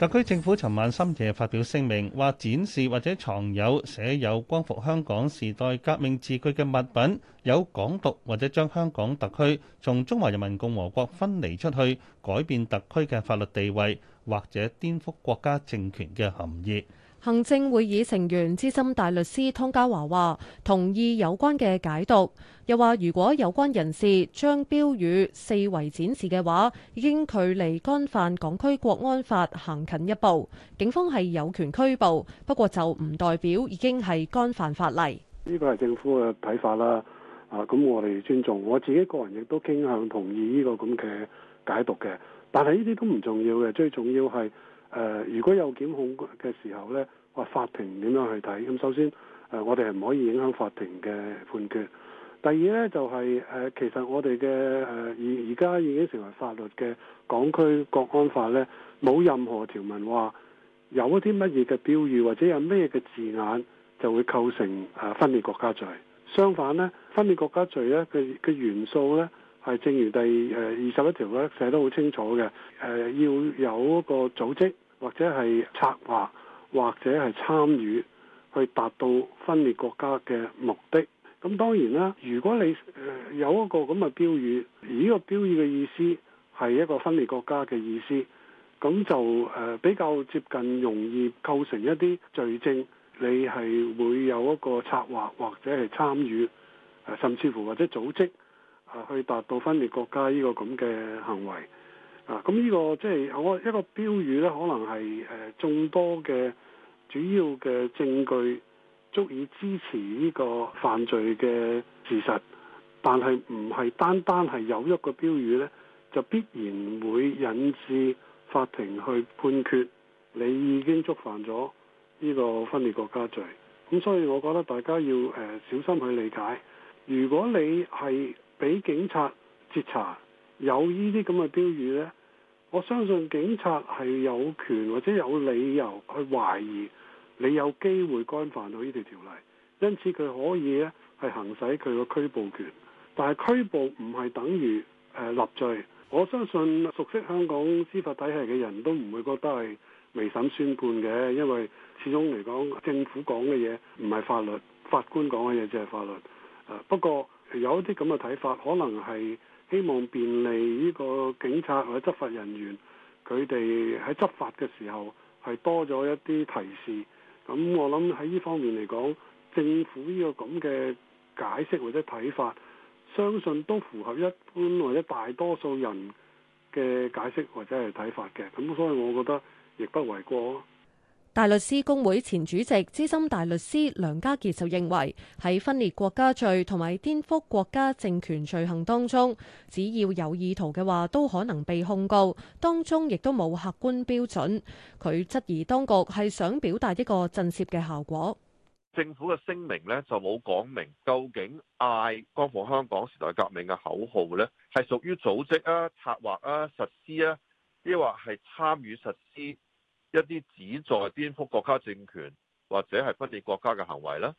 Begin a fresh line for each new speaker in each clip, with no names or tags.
特區政府尋晚深夜發表聲明，話展示或者藏有寫有光復香港時代革命字句嘅物品，有港獨或者將香港特區從中華人民共和國分離出去、改變特區嘅法律地位或者顛覆國家政權嘅含義。
行政會議成員，資深大律師湯家驊話：同意有關嘅解讀，又話如果有關人士將標語四圍展示嘅話，已經距離干犯港區國安法行近一步。警方係有權拘捕，不過就唔代表已經係干犯法例。
呢個係政府嘅睇法啦，啊咁我哋尊重。我自己個人亦都傾向同意呢個咁嘅解讀嘅，但係呢啲都唔重要嘅，最重要係。誒、呃，如果有檢控嘅時候呢，話法庭點樣去睇？咁首先，誒、呃、我哋係唔可以影響法庭嘅判決。第二呢，就係、是、誒、呃，其實我哋嘅誒而而家已經成為法律嘅港區國安法呢，冇任何條文話有一啲乜嘢嘅標語或者有咩嘅字眼就會構成誒分裂國家罪。相反呢，分裂國家罪呢，佢嘅元素呢係正如第誒二十一條呢寫得好清楚嘅，誒、呃、要有一個組織。或者係策劃，或者係參與，去達到分裂國家嘅目的。咁當然啦，如果你誒有一個咁嘅標語，而呢個標語嘅意思係一個分裂國家嘅意思，咁就誒比較接近容易構成一啲罪證。你係會有一個策劃，或者係參與，誒甚至乎或者組織，誒去達到分裂國家呢個咁嘅行為。啊！咁呢個即係我一個標語呢可能係誒、呃、眾多嘅主要嘅證據足以支持呢個犯罪嘅事實，但係唔係單單係有一個標語呢，就必然會引致法庭去判決你已經觸犯咗呢個分裂國家罪。咁所以，我覺得大家要誒、呃、小心去理解。如果你係俾警察截查有呢啲咁嘅標語呢。我相信警察係有權或者有理由去懷疑你有機會干犯到呢條條例，因此佢可以咧係行使佢個拘捕權。但係拘捕唔係等於誒立罪。我相信熟悉香港司法體系嘅人都唔會覺得係未審宣判嘅，因為始終嚟講政府講嘅嘢唔係法律，法官講嘅嘢就係法律。不過，有一啲咁嘅睇法，可能係希望便利呢個警察或者執法人員，佢哋喺執法嘅時候係多咗一啲提示。咁我諗喺呢方面嚟講，政府呢個咁嘅解釋或者睇法，相信都符合一般或者大多數人嘅解釋或者係睇法嘅。咁所以我覺得亦不為過。
大律師公會前主席、資深大律師梁家傑就認為，喺分裂國家罪同埋顛覆國家政權罪行當中，只要有意圖嘅話，都可能被控告。當中亦都冇客觀標準。佢質疑當局係想表達一個震懾嘅效果。
政府嘅聲明呢，就冇講明究竟嗌光復香港時代革命嘅口號呢，係屬於組織啊、策劃啊、實施啊，抑或係參與實施。一啲旨在顛覆國家政權或者係分裂國家嘅行為咧，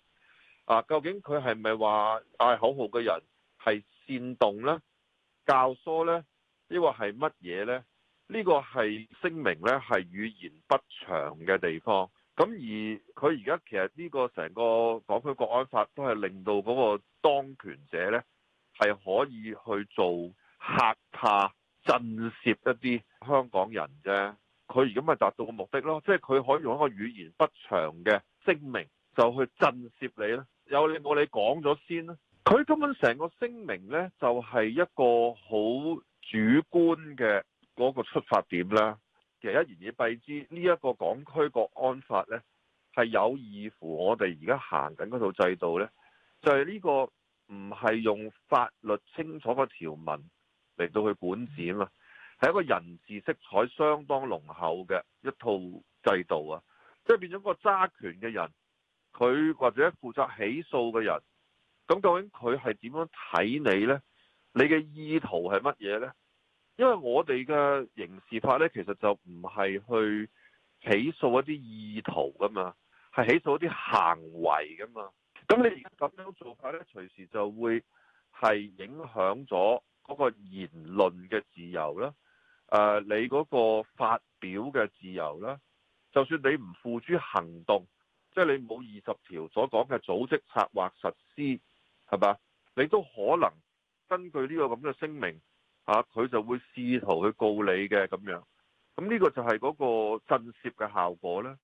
啊，究竟佢係咪話嗌口號嘅人係煽動呢？教唆呢？抑或係乜嘢呢？呢個係聲明呢係語言不詳嘅地方。咁而佢而家其實呢個成個港區國安法都係令到嗰個當權者呢，係可以去做吓怕、震懾一啲香港人啫。佢而家咪達到個目的咯，即係佢可以用一個語言不詳嘅聲明就去震懾你咧，有你冇你講咗先啦。佢根本成個聲明呢，就係一個好主觀嘅嗰個出發點啦。其實一言以蔽之，呢一個港區國安法呢，係有意乎我哋而家行緊嗰套制度呢？就係呢個唔係用法律清楚嘅條文嚟到去管治嘛。係一個人治色彩相當濃厚嘅一套制度啊！即係變咗個揸權嘅人，佢或者負責起訴嘅人，咁究竟佢係點樣睇你呢？你嘅意圖係乜嘢呢？因為我哋嘅刑事法呢，其實就唔係去起訴一啲意圖㗎嘛，係起訴一啲行為㗎嘛。咁你而家咁樣做法呢，隨時就會係影響咗嗰個言論嘅自由啦。誒，你嗰個發表嘅自由啦，就算你唔付諸行動，即係你冇二十條所講嘅組織策劃實施，係嘛？你都可能根據呢個咁嘅聲明，啊，佢就會試圖去告你嘅咁樣，咁呢個就係嗰個震懾嘅效果啦。